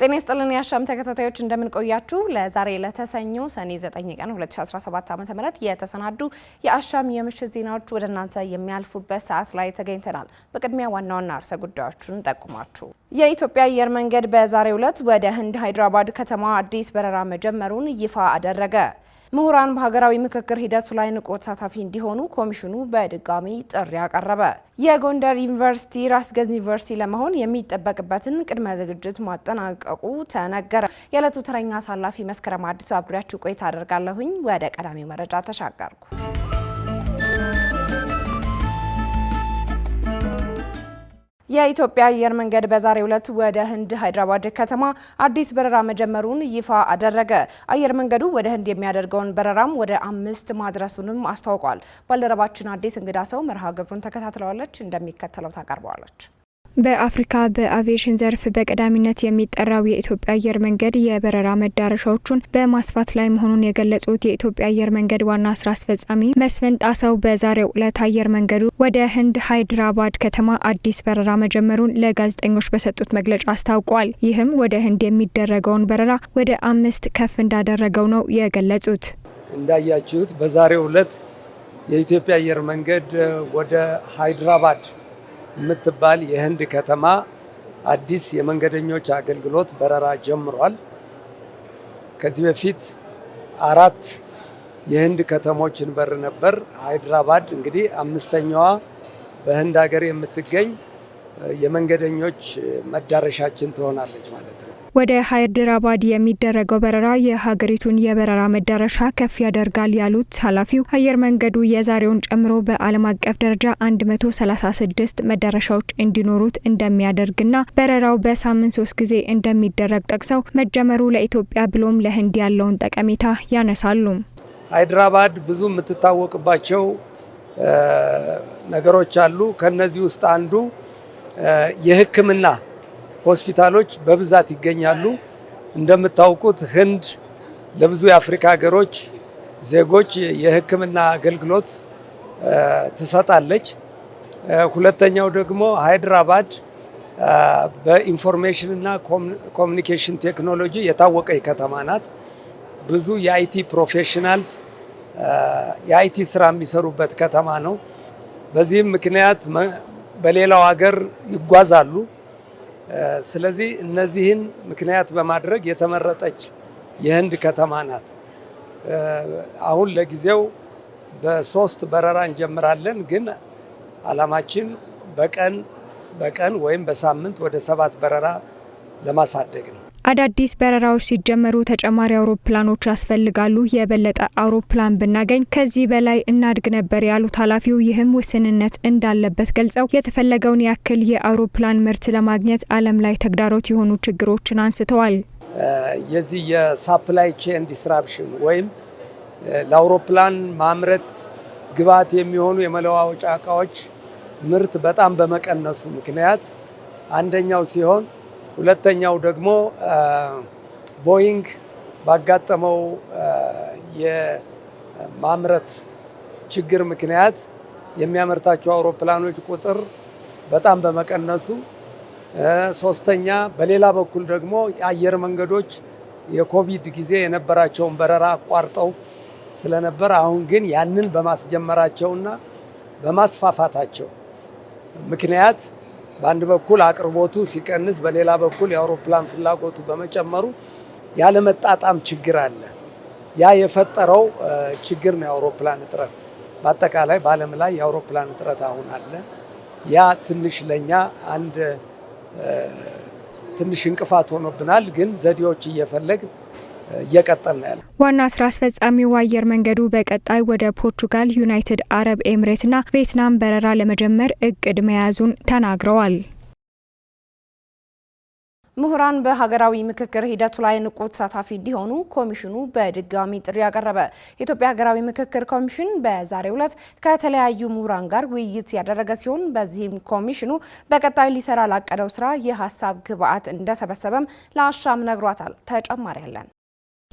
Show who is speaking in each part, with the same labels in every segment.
Speaker 1: ጤና ይስጥልን የአሻም ተከታታዮች እንደምን ቆያችሁ? ለዛሬ ለተሰኞ ሰኔ 9 ቀን 2017 ዓ.ም የተሰናዱ የአሻም የምሽት ዜናዎች ወደ እናንተ የሚያልፉበት ሰዓት ላይ ተገኝተናል። በቅድሚያ ዋና ዋና ርዕሰ ጉዳዮችን ጠቁማችሁ የኢትዮጵያ አየር መንገድ በዛሬው ዕለት ወደ ህንድ ሃይድራባድ ከተማ አዲስ በረራ መጀመሩን ይፋ አደረገ። ምሁራን በሀገራዊ ምክክር ሂደቱ ላይ ንቁ ተሳታፊ እንዲሆኑ ኮሚሽኑ በድጋሚ ጥሪ አቀረበ። የጎንደር ዩኒቨርሲቲ ራስ ገዝ ዩኒቨርሲቲ ለመሆን የሚጠበቅበትን ቅድመ ዝግጅት ማጠናቀቁ ተነገረ። የዕለቱ ተረኛ አሳላፊ መስከረም አዲሱ አብሬያችሁ ቆይታ አደርጋለሁኝ። ወደ ቀዳሚው መረጃ ተሻገርኩ። የኢትዮጵያ አየር መንገድ በዛሬው ዕለት ወደ ህንድ ሃይድራባድ ከተማ አዲስ በረራ መጀመሩን ይፋ አደረገ። አየር መንገዱ ወደ ህንድ የሚያደርገውን በረራም ወደ አምስት ማድረሱንም አስታውቋል። ባልደረባችን አዲስ እንግዳ ሰው መርሃ ግብሩን ተከታትለዋለች፣ እንደሚከተለው ታቀርበዋለች። በአፍሪካ በአቪዬሽን ዘርፍ በቀዳሚነት የሚጠራው የኢትዮጵያ አየር መንገድ የበረራ መዳረሻዎቹን በማስፋት ላይ መሆኑን የገለጹት የኢትዮጵያ አየር መንገድ ዋና ስራ አስፈጻሚ መስፍን ጣሰው በዛሬው ዕለት አየር መንገዱ ወደ ህንድ ሃይድራባድ ከተማ አዲስ በረራ መጀመሩን ለጋዜጠኞች በሰጡት መግለጫ አስታውቋል። ይህም ወደ ህንድ የሚደረገውን በረራ ወደ አምስት ከፍ እንዳደረገው ነው የገለጹት።
Speaker 2: እንዳያችሁት በዛሬው ዕለት የኢትዮጵያ አየር መንገድ ወደ ሃይድራባድ የምትባል የህንድ ከተማ አዲስ የመንገደኞች አገልግሎት በረራ ጀምሯል። ከዚህ በፊት አራት የህንድ ከተሞችን በር ነበር። ሃይድራባድ እንግዲህ አምስተኛዋ በህንድ ሀገር የምትገኝ የመንገደኞች መዳረሻችን ትሆናለች ማለት ነው።
Speaker 1: ወደ ሃይድራባድ የሚደረገው በረራ የሀገሪቱን የበረራ መዳረሻ ከፍ ያደርጋል ያሉት ኃላፊው አየር መንገዱ የዛሬውን ጨምሮ በዓለም አቀፍ ደረጃ 136 መዳረሻዎች እንዲኖሩት እንደሚያደርግና በረራው በሳምንት ሶስት ጊዜ እንደሚደረግ ጠቅሰው መጀመሩ ለኢትዮጵያ ብሎም ለህንድ ያለውን ጠቀሜታ ያነሳሉ።
Speaker 2: ሃይድራባድ ብዙ የምትታወቅባቸው ነገሮች አሉ። ከነዚህ ውስጥ አንዱ የህክምና ሆስፒታሎች በብዛት ይገኛሉ። እንደምታውቁት ህንድ ለብዙ የአፍሪካ ሀገሮች ዜጎች የህክምና አገልግሎት ትሰጣለች። ሁለተኛው ደግሞ ሃይድራባድ በኢንፎርሜሽን እና ኮሚኒኬሽን ቴክኖሎጂ የታወቀ ከተማ ናት። ብዙ የአይቲ ፕሮፌሽናልስ የአይቲ ስራ የሚሰሩበት ከተማ ነው። በዚህም ምክንያት በሌላው ሀገር ይጓዛሉ። ስለዚህ እነዚህን ምክንያት በማድረግ የተመረጠች የህንድ ከተማ ናት። አሁን ለጊዜው በሶስት በረራ እንጀምራለን፣ ግን አላማችን በቀን በቀን ወይም በሳምንት ወደ ሰባት በረራ ለማሳደግ ነው።
Speaker 1: አዳዲስ በረራዎች ሲጀመሩ ተጨማሪ አውሮፕላኖች ያስፈልጋሉ። የበለጠ አውሮፕላን ብናገኝ ከዚህ በላይ እናድግ ነበር ያሉት ኃላፊው፣ ይህም ውስንነት እንዳለበት ገልጸው የተፈለገውን ያክል የአውሮፕላን ምርት ለማግኘት ዓለም ላይ ተግዳሮት የሆኑ ችግሮችን አንስተዋል።
Speaker 2: የዚህ የሳፕላይ ቼን ዲስራፕሽን ወይም ለአውሮፕላን ማምረት ግብዓት የሚሆኑ የመለዋወጫ እቃዎች ምርት በጣም በመቀነሱ ምክንያት አንደኛው ሲሆን ሁለተኛው ደግሞ ቦይንግ ባጋጠመው የማምረት ችግር ምክንያት የሚያመርታቸው አውሮፕላኖች ቁጥር በጣም በመቀነሱ፣ ሶስተኛ በሌላ በኩል ደግሞ የአየር መንገዶች የኮቪድ ጊዜ የነበራቸውን በረራ አቋርጠው ስለነበር አሁን ግን ያንን በማስጀመራቸውና በማስፋፋታቸው ምክንያት በአንድ በኩል አቅርቦቱ ሲቀንስ፣ በሌላ በኩል የአውሮፕላን ፍላጎቱ በመጨመሩ ያለመጣጣም ችግር አለ። ያ የፈጠረው ችግር ነው የአውሮፕላን እጥረት። በአጠቃላይ በዓለም ላይ የአውሮፕላን እጥረት አሁን አለ። ያ ትንሽ ለኛ አንድ ትንሽ እንቅፋት ሆኖብናል። ግን ዘዴዎች እየፈለግ እየቀጠል ነው ያለ
Speaker 1: ዋና ስራ አስፈጻሚው አየር መንገዱ በቀጣይ ወደ ፖርቹጋል፣ ዩናይትድ አረብ ኤምሬትና ቬትናም በረራ ለመጀመር እቅድ መያዙን ተናግረዋል። ምሁራን በሀገራዊ ምክክር ሂደቱ ላይ ንቁ ተሳታፊ እንዲሆኑ ኮሚሽኑ በድጋሚ ጥሪ ያቀረበ። የኢትዮጵያ ሀገራዊ ምክክር ኮሚሽን በዛሬው ዕለት ከተለያዩ ምሁራን ጋር ውይይት ያደረገ ሲሆን በዚህም ኮሚሽኑ በቀጣይ ሊሰራ ላቀደው ስራ የሀሳብ ግብዓት እንደሰበሰበም ለአሻም ነግሯታል። ተጨማሪ ያለን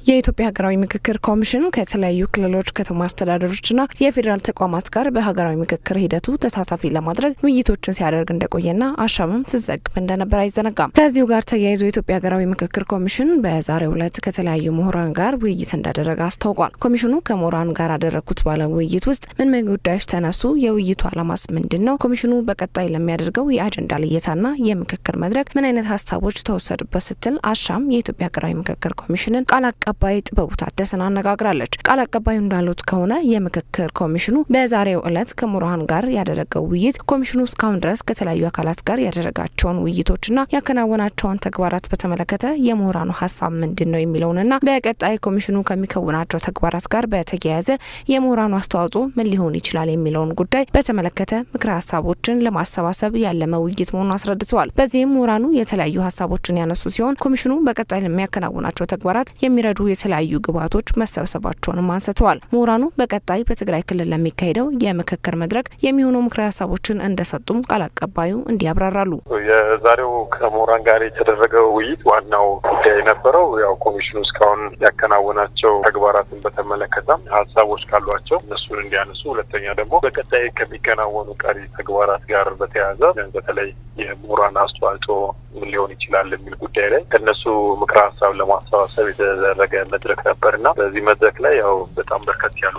Speaker 1: የኢትዮጵያ ሀገራዊ ምክክር ኮሚሽን ከተለያዩ ክልሎች፣ ከተማ አስተዳደሮችና የፌዴራል ተቋማት ጋር በሀገራዊ ምክክር ሂደቱ ተሳታፊ ለማድረግ ውይይቶችን ሲያደርግ እንደቆየና አሻምም ስዘግብ እንደነበር አይዘነጋም። ከዚሁ ጋር ተያይዞ የኢትዮጵያ ሀገራዊ ምክክር ኮሚሽን በዛሬው ዕለት ከተለያዩ ምሁራን ጋር ውይይት እንዳደረገ አስታውቋል። ኮሚሽኑ ከምሁራን ጋር አደረግኩት ባለ ውይይት ውስጥ ምን ምን ጉዳዮች ተነሱ? የውይይቱ አላማስ ምንድን ነው? ኮሚሽኑ በቀጣይ ለሚያደርገው የአጀንዳ ልየታና የምክክር መድረክ ምን አይነት ሀሳቦች ተወሰዱበት? ስትል አሻም የኢትዮጵያ ሀገራዊ ምክክር ኮሚሽንን ቃል አቀ አቀባይ ጥበቡ ታደሰን አነጋግራለች። ቃል አቀባዩ እንዳሉት ከሆነ የምክክር ኮሚሽኑ በዛሬው ዕለት ከምሁራን ጋር ያደረገው ውይይት ኮሚሽኑ እስካሁን ድረስ ከተለያዩ አካላት ጋር ያደረጋቸውን ውይይቶችና ያከናወናቸውን ተግባራት በተመለከተ የምሁራኑ ሀሳብ ምንድን ነው የሚለውንና በቀጣይ ኮሚሽኑ ከሚከውናቸው ተግባራት ጋር በተያያዘ የምሁራኑ አስተዋጽኦ ምን ሊሆን ይችላል የሚለውን ጉዳይ በተመለከተ ምክረ ሀሳቦችን ለማሰባሰብ ያለመ ውይይት መሆኑን አስረድተዋል። በዚህም ምሁራኑ የተለያዩ ሀሳቦችን ያነሱ ሲሆን ኮሚሽኑ በቀጣይ ለሚያከናውናቸው ተግባራት የሚረዱ የተለያዩ ግብዓቶች መሰብሰባቸውንም አንስተዋል። ምሁራኑ በቀጣይ በትግራይ ክልል ለሚካሄደው የምክክር መድረክ የሚሆኑ ምክረ ሀሳቦችን እንደሰጡም ቃል አቀባዩ እንዲያብራራሉ። የዛሬው ከምሁራን ጋር የተደረገው ውይይት ዋናው ጉዳይ የነበረው ያው ኮሚሽኑ እስካሁን ያከናወናቸው ተግባራትን በተመለከተም ሀሳቦች ካሏቸው እነሱን እንዲያነሱ፣ ሁለተኛ ደግሞ በቀጣይ ከሚከናወኑ ቀሪ ተግባራት ጋር በተያያዘ በተለይ የምሁራን አስተዋጽኦ ምን ሊሆን ይችላል የሚል ጉዳይ ላይ ከነሱ ምክረ ሀሳብ ለማሰባሰብ የተደረገ መድረክ ነበር እና በዚህ መድረክ ላይ ያው በጣም በርከት ያሉ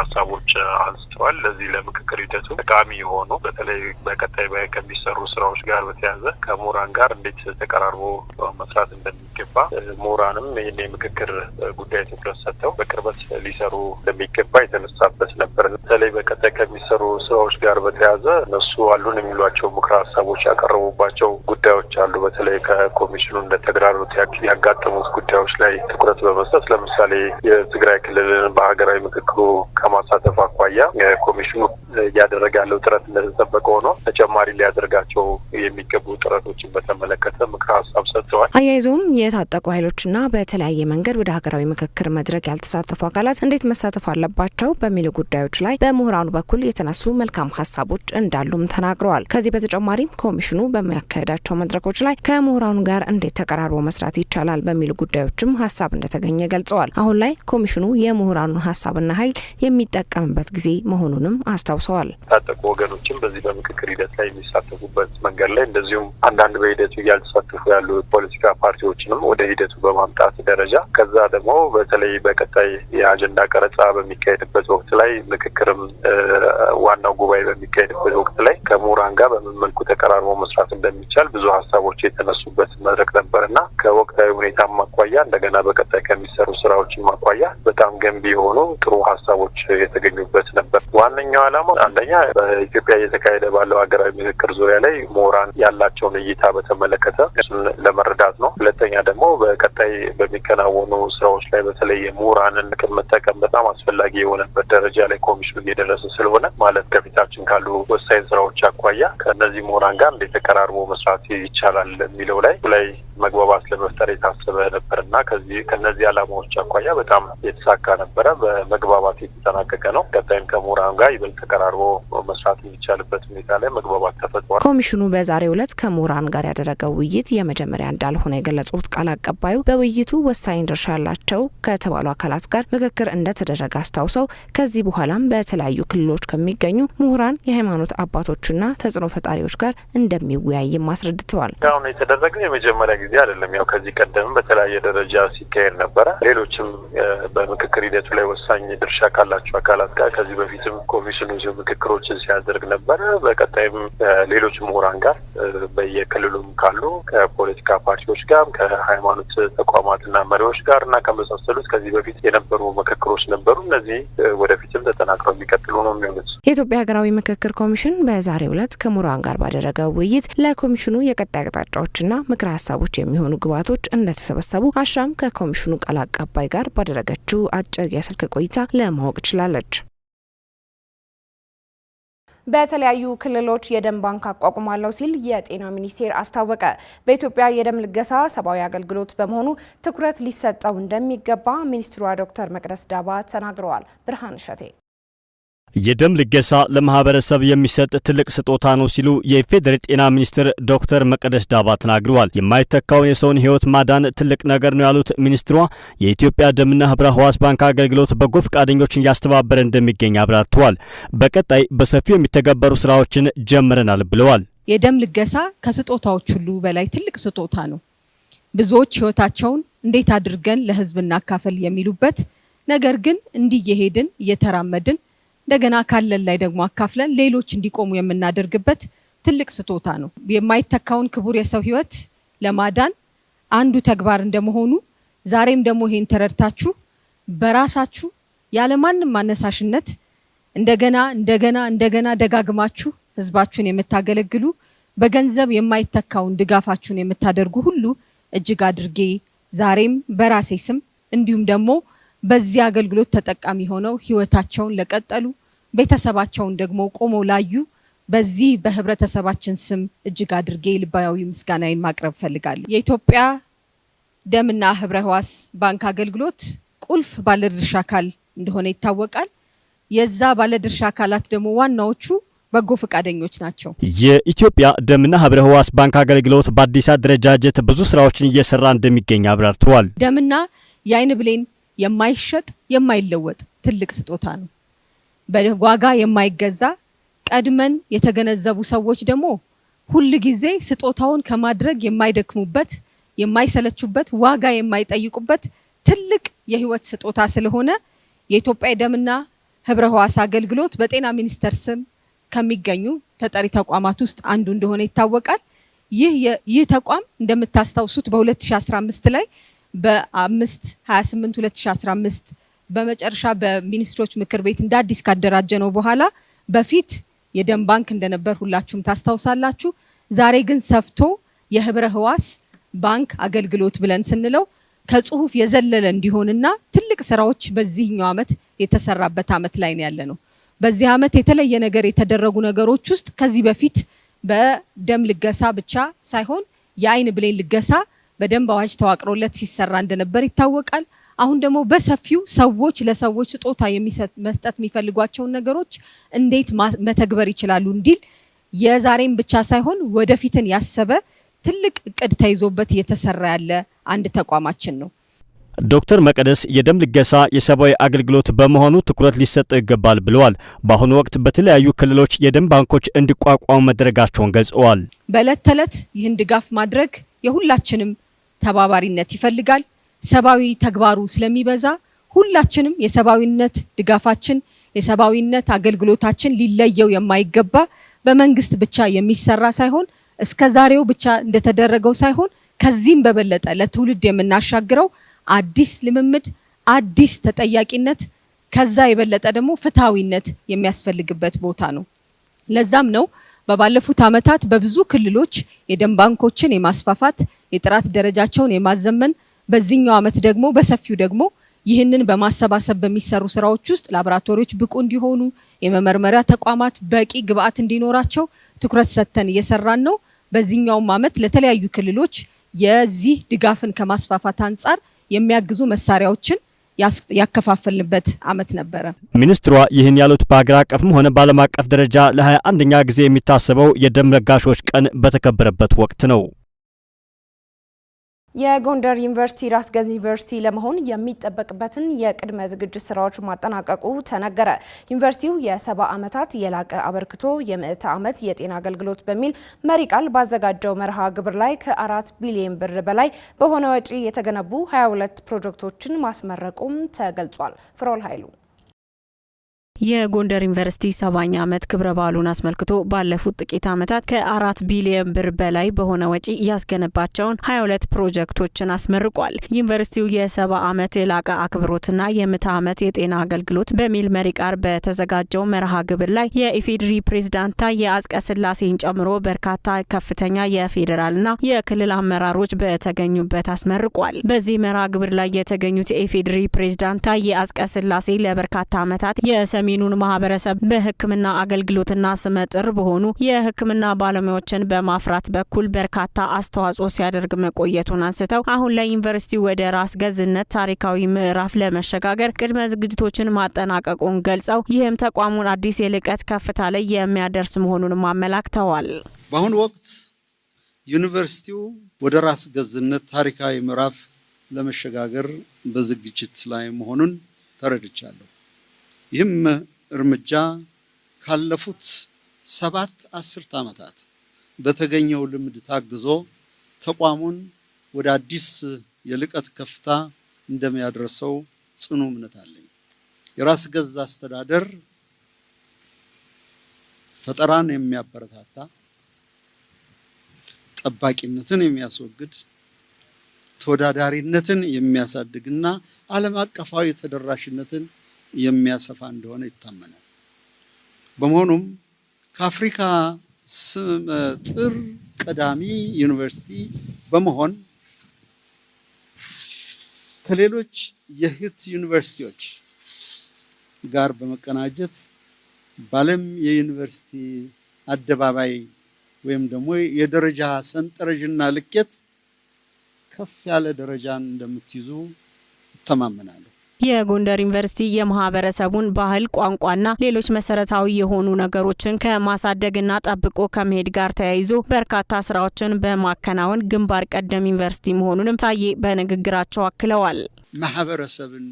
Speaker 1: ሀሳቦች አንስተዋል። ለዚህ ለምክክር ሂደቱ ጠቃሚ የሆኑ በተለይ በቀጣይ ከሚሰሩ ስራዎች ጋር በተያያዘ ከምሁራን ጋር እንዴት ተቀራርቦ መስራት እንደሚ እንደሚገባ ምሁራንም ይህን የምክክር ጉዳይ ትኩረት ሰጥተው በቅርበት ሊሰሩ እንደሚገባ የተነሳበት ነበር። በተለይ በቀጣይ ከሚሰሩ ስራዎች ጋር በተያያዘ እነሱ አሉን የሚሏቸው ምክረ ሀሳቦች ያቀረቡባቸው ጉዳዮች አሉ። በተለይ ከኮሚሽኑ እንደ ያጋጠሙት ጉዳዮች ላይ ትኩረት በመስጠት ለምሳሌ የትግራይ ክልልን በሀገራዊ ምክክሩ ከማሳተፍ አኳያ ኮሚሽኑ እያደረገ ያለው ጥረት እንደተጠበቀ ሆኖ ተጨማሪ ሊያደርጋቸው የሚገቡ ጥረቶችን በተመለከተ ምክረ ሀሳብ ሰጥተዋል። አያይዞም የታጠቁ ኃይሎችና በተለያየ መንገድ ወደ ሀገራዊ ምክክር መድረክ ያልተሳተፉ አካላት እንዴት መሳተፍ አለባቸው በሚሉ ጉዳዮች ላይ በምሁራኑ በኩል የተነሱ መልካም ሀሳቦች እንዳሉም ተናግረዋል። ከዚህ በተጨማሪም ኮሚሽኑ በሚያካሄዳቸው መድረኮች ላይ ከምሁራኑ ጋር እንዴት ተቀራርቦ መስራት ይቻላል በሚሉ ጉዳዮችም ሀሳብ እንደተገኘ ገልጸዋል። አሁን ላይ ኮሚሽኑ የምሁራኑን ሀሳብና ኃይል የሚጠቀምበት ጊዜ መሆኑንም አስታውሰዋል።
Speaker 3: ታጠቁ ወገኖችም በዚህ በምክክር ሂደት ላይ የሚሳተፉበት መንገድ ላይ እንደዚሁም አንዳንድ በሂደቱ እያልተሳተፉ ያሉ የፖለቲካ ፓርቲዎች። ፕሮጀክቶችንም ወደ ሂደቱ በማምጣት ደረጃ ከዛ ደግሞ በተለይ በቀጣይ የአጀንዳ ቀረጻ በሚካሄድበት ወቅት ላይ ምክክርም ዋናው ጉባኤ በሚካሄድበት ወቅት ላይ ከምሁራን ጋር በምን መልኩ ተቀራርቦ መስራት እንደሚቻል ብዙ ሀሳቦች የተነሱበት መድረክ ነበር እና ከወቅታዊ ሁኔታም ማኳያ እንደገና በቀጣይ ከሚሰሩ ስራዎችም ማኳያ በጣም ገንቢ የሆኑ ጥሩ ሀሳቦች የተገኙበት ነበር። ዋነኛው ዓላማ አንደኛ በኢትዮጵያ እየተካሄደ ባለው ሀገራዊ ምክክር ዙሪያ ላይ ምሁራን ያላቸውን እይታ በተመለከተ እሱን ለመረዳት ነው። ሁለተኛ ደግሞ በቀጣይ በሚከናወኑ ስራዎች ላይ በተለይ የምሁራንን መጠቀም በጣም አስፈላጊ የሆነበት ደረጃ ላይ ኮሚሽኑ እየደረሰ ስለሆነ ማለት ከፊታችን ካሉ ወሳኝ ስራዎች አኳያ ከእነዚህ ምሁራን ጋር እንዴት ተቀራርቦ መስራት ይቻላል የሚለው ላይ ላይ መግባባት ለመፍጠር የታሰበ ነበር እና ከዚህ ከእነዚህ አላማዎች አኳያ በጣም የተሳካ ነበረ። በመግባባት የተጠናቀቀ ነው። ቀጣይም ከምሁራን ጋር ይበልጥ ተቀራርቦ መስራት የሚቻልበት ሁኔታ ላይ መግባባት ተፈጥሯል። ኮሚሽኑ
Speaker 1: በዛሬው ዕለት ከምሁራን ጋር ያደረገው ውይይት የመጀመሪያ እንዳልሆነ የገለጹት ቃል አቀባዩ በውይይቱ ወሳኝ ድርሻ ያላቸው ከተባሉ አካላት ጋር ምክክር እንደተደረገ አስታውሰው ከዚህ በኋላም በተለያዩ ክልሎች ከሚገኙ ምሁራን፣ የሃይማኖት አባቶችና ተጽዕኖ ፈጣሪዎች ጋር እንደሚወያይም አስረድተዋል። አሁን የተደረገው የመጀመሪያ ጊዜ
Speaker 3: አይደለም። ያው ከዚህ ቀደምም በተለያየ ደረጃ ሲካሄድ ነበረ። ሌሎችም በምክክር ሂደቱ ላይ ወሳኝ ድርሻ ካላቸው አካላት ጋር ከዚህ በፊትም ኮሚሽኑ ምክክሮችን ሲያደርግ ነበረ። በቀጣይም ሌሎች ምሁራን ጋር በየክልሉም ካሉ ከፖለቲካ ፓርቲዎች ጋር ከሃይማኖት ተቋማትና መሪዎች ጋር እና ከመሳሰሉት ከዚህ በፊት የነበሩ ምክክሮች ነበሩ። እነዚህ ወደፊትም ተጠናክረው የሚቀጥሉ ነው የሚሆኑት።
Speaker 1: የኢትዮጵያ ሀገራዊ ምክክር ኮሚሽን በዛሬው ዕለት ከምሁራን ጋር ባደረገው ውይይት ለኮሚሽኑ የቀጣይ አቅጣጫዎችና ምክረ ሀሳቦች የሚሆኑ ግብዓቶች እንደተሰበሰቡ አሻም ከኮሚሽኑ ቃል አቀባይ ጋር ባደረገችው አጭር የስልክ ቆይታ ለማወቅ ችላለች። በተለያዩ ክልሎች የደም ባንክ አቋቁማለሁ ሲል የጤና ሚኒስቴር አስታወቀ። በኢትዮጵያ የደም ልገሳ ሰብአዊ አገልግሎት በመሆኑ ትኩረት ሊሰጠው እንደሚገባ ሚኒስትሯ ዶክተር መቅደስ ዳባ ተናግረዋል። ብርሃን እሸቴ
Speaker 4: የደም ልገሳ ለማህበረሰብ የሚሰጥ ትልቅ ስጦታ ነው ሲሉ የኢፌዴሪ ጤና ሚኒስትር ዶክተር መቀደስ ዳባ ተናግረዋል። የማይተካውን የሰውን ህይወት ማዳን ትልቅ ነገር ነው ያሉት ሚኒስትሯ የኢትዮጵያ ደምና ህብረ ህዋስ ባንክ አገልግሎት በጎ ፈቃደኞችን እያስተባበረ እንደሚገኝ አብራርተዋል። በቀጣይ በሰፊው የሚተገበሩ ስራዎችን ጀምረናል ብለዋል።
Speaker 5: የደም ልገሳ ከስጦታዎች ሁሉ በላይ ትልቅ ስጦታ ነው። ብዙዎች ህይወታቸውን እንዴት አድርገን ለህዝብ እናካፈል የሚሉበት ነገር ግን እንዲህ እየሄድን እየተራመድን እንደገና ካለን ላይ ደግሞ አካፍለን ሌሎች እንዲቆሙ የምናደርግበት ትልቅ ስጦታ ነው። የማይተካውን ክቡር የሰው ህይወት ለማዳን አንዱ ተግባር እንደመሆኑ ዛሬም ደግሞ ይሄን ተረድታችሁ በራሳችሁ ያለማንም ማነሳሽነት እንደገና እንደገና እንደገና ደጋግማችሁ ህዝባችሁን የምታገለግሉ በገንዘብ የማይተካውን ድጋፋችሁን የምታደርጉ ሁሉ እጅግ አድርጌ ዛሬም በራሴ ስም እንዲሁም ደግሞ በዚህ አገልግሎት ተጠቃሚ ሆነው ህይወታቸውን ለቀጠሉ ቤተሰባቸውን ደግሞ ቆመው ላዩ በዚህ በህብረተሰባችን ስም እጅግ አድርጌ ልባዊ ምስጋናዬን ማቅረብ ፈልጋለሁ። የኢትዮጵያ ደምና ህብረ ህዋስ ባንክ አገልግሎት ቁልፍ ባለድርሻ አካል እንደሆነ ይታወቃል። የዛ ባለድርሻ አካላት ደግሞ ዋናዎቹ በጎ ፈቃደኞች ናቸው። የኢትዮጵያ ደምና ህብረ ህዋስ ባንክ አገልግሎት በአዲስ አደረጃጀት ብዙ ስራዎችን እየሰራ እንደሚገኝ አብራርተዋል። ደምና የአይን ብሌን የማይሸጥ የማይለወጥ ትልቅ ስጦታ ነው። በዋጋ የማይገዛ ቀድመን የተገነዘቡ ሰዎች ደግሞ ሁል ጊዜ ስጦታውን ከማድረግ የማይደክሙበት የማይሰለቹበት ዋጋ የማይጠይቁበት ትልቅ የህይወት ስጦታ ስለሆነ የኢትዮጵያ የደምና ህብረ ህዋስ አገልግሎት በጤና ሚኒስቴር ስም ከሚገኙ ተጠሪ ተቋማት ውስጥ አንዱ እንደሆነ ይታወቃል። ይህ ተቋም እንደምታስታውሱት በ2015 ላይ በአምስት 28 2015 በመጨረሻ በሚኒስትሮች ምክር ቤት እንደ አዲስ ካደራጀ ነው በኋላ በፊት የደም ባንክ እንደነበር ሁላችሁም ታስታውሳላችሁ። ዛሬ ግን ሰፍቶ የህብረ ህዋስ ባንክ አገልግሎት ብለን ስንለው ከጽሁፍ የዘለለ እንዲሆንና ትልቅ ስራዎች በዚህኛው ዓመት የተሰራበት ዓመት ላይ ነው ያለ ነው። በዚህ ዓመት የተለየ ነገር የተደረጉ ነገሮች ውስጥ ከዚህ በፊት በደም ልገሳ ብቻ ሳይሆን የአይን ብሌን ልገሳ በደንብ አዋጅ ተዋቅሮለት ሲሰራ እንደነበር ይታወቃል። አሁን ደግሞ በሰፊው ሰዎች ለሰዎች ስጦታ መስጠት የሚፈልጓቸውን ነገሮች እንዴት መተግበር ይችላሉ እንዲል የዛሬን ብቻ ሳይሆን ወደፊትን ያሰበ ትልቅ እቅድ ተይዞበት እየተሰራ ያለ አንድ ተቋማችን ነው። ዶክተር መቀደስ የደም ልገሳ የሰብአዊ አገልግሎት በመሆኑ ትኩረት ሊሰጠው ይገባል ብለዋል። በአሁኑ ወቅት በተለያዩ ክልሎች የደም ባንኮች እንዲቋቋሙ መደረጋቸውን ገልጸዋል። በዕለት ተዕለት ይህን ድጋፍ ማድረግ የሁላችንም ተባባሪነት ይፈልጋል። ሰብአዊ ተግባሩ ስለሚበዛ ሁላችንም የሰብአዊነት ድጋፋችን የሰብአዊነት አገልግሎታችን ሊለየው የማይገባ በመንግስት ብቻ የሚሰራ ሳይሆን እስከ ዛሬው ብቻ እንደተደረገው ሳይሆን ከዚህም በበለጠ ለትውልድ የምናሻግረው አዲስ ልምምድ፣ አዲስ ተጠያቂነት፣ ከዛ የበለጠ ደግሞ ፍትሐዊነት የሚያስፈልግበት ቦታ ነው። ለዛም ነው በባለፉት ዓመታት በብዙ ክልሎች የደም ባንኮችን የማስፋፋት የጥራት ደረጃቸውን የማዘመን በዚህኛው ዓመት ደግሞ በሰፊው ደግሞ ይህንን በማሰባሰብ በሚሰሩ ስራዎች ውስጥ ላቦራቶሪዎች ብቁ እንዲሆኑ የመመርመሪያ ተቋማት በቂ ግብአት እንዲኖራቸው ትኩረት ሰጥተን እየሰራን ነው። በዚህኛውም ዓመት ለተለያዩ ክልሎች የዚህ ድጋፍን ከማስፋፋት አንጻር የሚያግዙ መሳሪያዎችን ያከፋፈልንበት አመት ነበረ። ሚኒስትሯ ይህን ያሉት በሀገር አቀፍም ሆነ በዓለም አቀፍ ደረጃ ለ21ኛ ጊዜ የሚታሰበው የደም ለጋሾች ቀን በተከበረበት ወቅት ነው።
Speaker 1: የጎንደር ዩኒቨርሲቲ ራስ ገዝ ዩኒቨርሲቲ ለመሆን የሚጠበቅበትን የቅድመ ዝግጅት ስራዎች ማጠናቀቁ ተነገረ። ዩኒቨርሲቲው የሰባ ዓመታት የላቀ አበርክቶ የምዕተ ዓመት የጤና አገልግሎት በሚል መሪ ቃል ባዘጋጀው መርሃ ግብር ላይ ከአራት ቢሊዮን ብር በላይ በሆነ ወጪ የተገነቡ 22 ፕሮጀክቶችን ማስመረቁም ተገልጿል። ፍሮል ኃይሉ የጎንደር ዩኒቨርሲቲ ሰባኛ ዓመት ክብረ በዓሉን አስመልክቶ ባለፉት ጥቂት ዓመታት ከአራት ቢሊየን ብር በላይ በሆነ ወጪ ያስገነባቸውን 22 ፕሮጀክቶችን አስመርቋል። ዩኒቨርሲቲው የሰባ ዓመት የላቀ አክብሮትና የምዕተ ዓመት የጤና አገልግሎት በሚል መሪ ቃል በተዘጋጀው መርሃ ግብር ላይ የኢፌዴሪ ፕሬዝዳንት ታዬ ስላሴን ጨምሮ በርካታ ከፍተኛ የፌዴራልና የክልል አመራሮች በተገኙበት አስመርቋል። በዚህ መርሃ ግብር ላይ የተገኙት የኢፌዴሪ ፕሬዝዳንት ታዬ ስላሴ ለበርካታ ዓመታት የሰሚ የሰሜኑን ማህበረሰብ በህክምና አገልግሎትና ስመጥር በሆኑ የህክምና ባለሙያዎችን በማፍራት በኩል በርካታ አስተዋጽኦ ሲያደርግ መቆየቱን አንስተው አሁን ላይ ዩኒቨርሲቲው ወደ ራስ ገዝነት ታሪካዊ ምዕራፍ ለመሸጋገር ቅድመ ዝግጅቶችን ማጠናቀቁን ገልጸው ይህም ተቋሙን አዲስ የልቀት ከፍታ ላይ የሚያደርስ መሆኑንም አመላክተዋል። በአሁኑ ወቅት
Speaker 6: ዩኒቨርሲቲው ወደ ራስ ገዝነት ታሪካዊ ምዕራፍ ለመሸጋገር በዝግጅት ላይ መሆኑን ተረድቻለሁ። ይህም እርምጃ ካለፉት ሰባት አስርት ዓመታት በተገኘው ልምድ ታግዞ ተቋሙን ወደ አዲስ የልቀት ከፍታ እንደሚያደርሰው ጽኑ እምነት አለኝ። የራስ ገዝ አስተዳደር ፈጠራን የሚያበረታታ፣ ጠባቂነትን የሚያስወግድ፣ ተወዳዳሪነትን የሚያሳድግና ዓለም አቀፋዊ ተደራሽነትን የሚያሰፋ እንደሆነ ይታመናል። በመሆኑም ከአፍሪካ ስመጥር ቀዳሚ ዩኒቨርሲቲ በመሆን ከሌሎች የእህት ዩኒቨርሲቲዎች ጋር በመቀናጀት በዓለም የዩኒቨርሲቲ አደባባይ ወይም ደግሞ የደረጃ ሰንጠረዥና ልኬት ከፍ ያለ ደረጃን እንደምትይዙ
Speaker 1: እተማመናለሁ። የጎንደር ዩኒቨርሲቲ የማህበረሰቡን ባህል፣ ቋንቋና ሌሎች መሰረታዊ የሆኑ ነገሮችን ከማሳደግና ጠብቆ ከመሄድ ጋር ተያይዞ በርካታ ስራዎችን በማከናወን ግንባር ቀደም ዩኒቨርሲቲ መሆኑንም ታዬ በንግግራቸው አክለዋል። ማህበረሰብን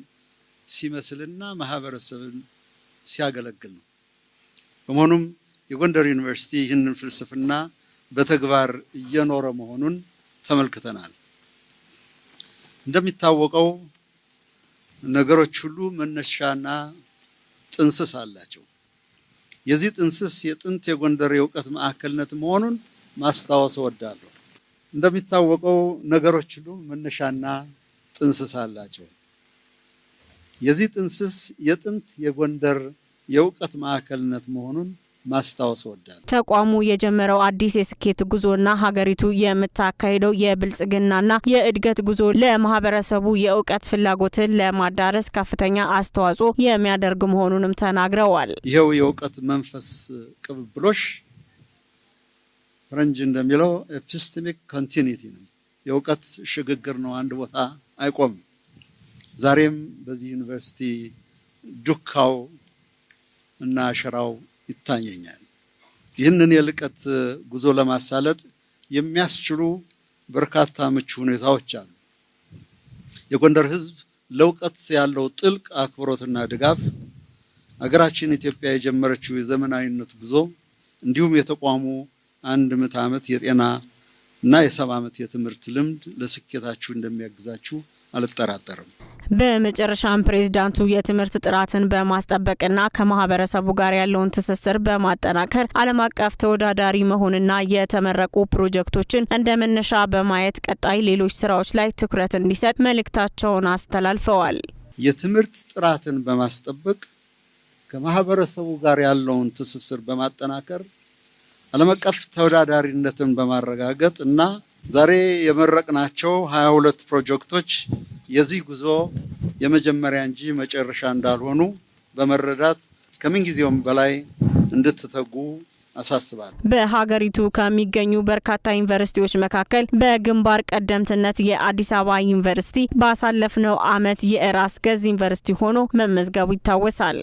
Speaker 6: ሲመስልና ማህበረሰብን ሲያገለግል ነው። በመሆኑም የጎንደር ዩኒቨርሲቲ ይህንን ፍልስፍና በተግባር እየኖረ መሆኑን ተመልክተናል። እንደሚታወቀው ነገሮች ሁሉ መነሻና ጥንስስ አላቸው። የዚህ ጥንስስ የጥንት የጎንደር የእውቀት ማዕከልነት መሆኑን ማስታወስ እወዳለሁ። እንደሚታወቀው ነገሮች ሁሉ መነሻና ጥንስስ አላቸው። የዚህ ጥንስስ የጥንት የጎንደር የእውቀት ማዕከልነት መሆኑን ማስታወስ ወዳል
Speaker 1: ተቋሙ የጀመረው አዲስ የስኬት ጉዞና ሀገሪቱ የምታካሂደው የብልጽግናና የእድገት ጉዞ ለማህበረሰቡ የእውቀት ፍላጎትን ለማዳረስ ከፍተኛ አስተዋጽኦ የሚያደርግ መሆኑንም ተናግረዋል።
Speaker 6: ይኸው የእውቀት መንፈስ ቅብብሎሽ ፈረንጅ እንደሚለው ኤፒስቴሚክ ኮንቲኒቲ ነው፣ የእውቀት ሽግግር ነው። አንድ ቦታ አይቆምም። ዛሬም በዚህ ዩኒቨርሲቲ ዱካው እና ሽራው። ይታየኛል። ይህንን የልቀት ጉዞ ለማሳለጥ የሚያስችሉ በርካታ ምቹ ሁኔታዎች አሉ። የጎንደር ሕዝብ ለእውቀት ያለው ጥልቅ አክብሮትና ድጋፍ አገራችን ኢትዮጵያ የጀመረችው የዘመናዊነት ጉዞ እንዲሁም የተቋሙ አንድ ምዕተ ዓመት የጤና እና የሰባ ዓመት የትምህርት ልምድ ለስኬታችሁ እንደሚያግዛችሁ አልጠራጠርም። በመጨረሻም ፕሬዝዳንቱ የትምህርት ጥራትን በማስጠበቅና ከማህበረሰቡ ጋር ያለውን ትስስር በማጠናከር ዓለም አቀፍ ተወዳዳሪ መሆንና የተመረቁ ፕሮጀክቶችን እንደ መነሻ በማየት ቀጣይ ሌሎች ስራዎች ላይ ትኩረት እንዲሰጥ መልእክታቸውን አስተላልፈዋል። የትምህርት ጥራትን በማስጠበቅ ከማህበረሰቡ ጋር ያለውን ትስስር በማጠናከር ዓለም አቀፍ ተወዳዳሪነትን በማረጋገጥ እና ዛሬ የመረቅናቸው 22 ፕሮጀክቶች የዚህ ጉዞ የመጀመሪያ እንጂ መጨረሻ እንዳልሆኑ በመረዳት ከምንጊዜውም በላይ እንድትተጉ አሳስባል።
Speaker 1: በሀገሪቱ ከሚገኙ በርካታ ዩኒቨርሲቲዎች መካከል በግንባር ቀደምትነት የአዲስ አበባ ዩኒቨርሲቲ ባሳለፍነው ዓመት የራስ ገዝ ዩኒቨርሲቲ ሆኖ መመዝገቡ ይታወሳል።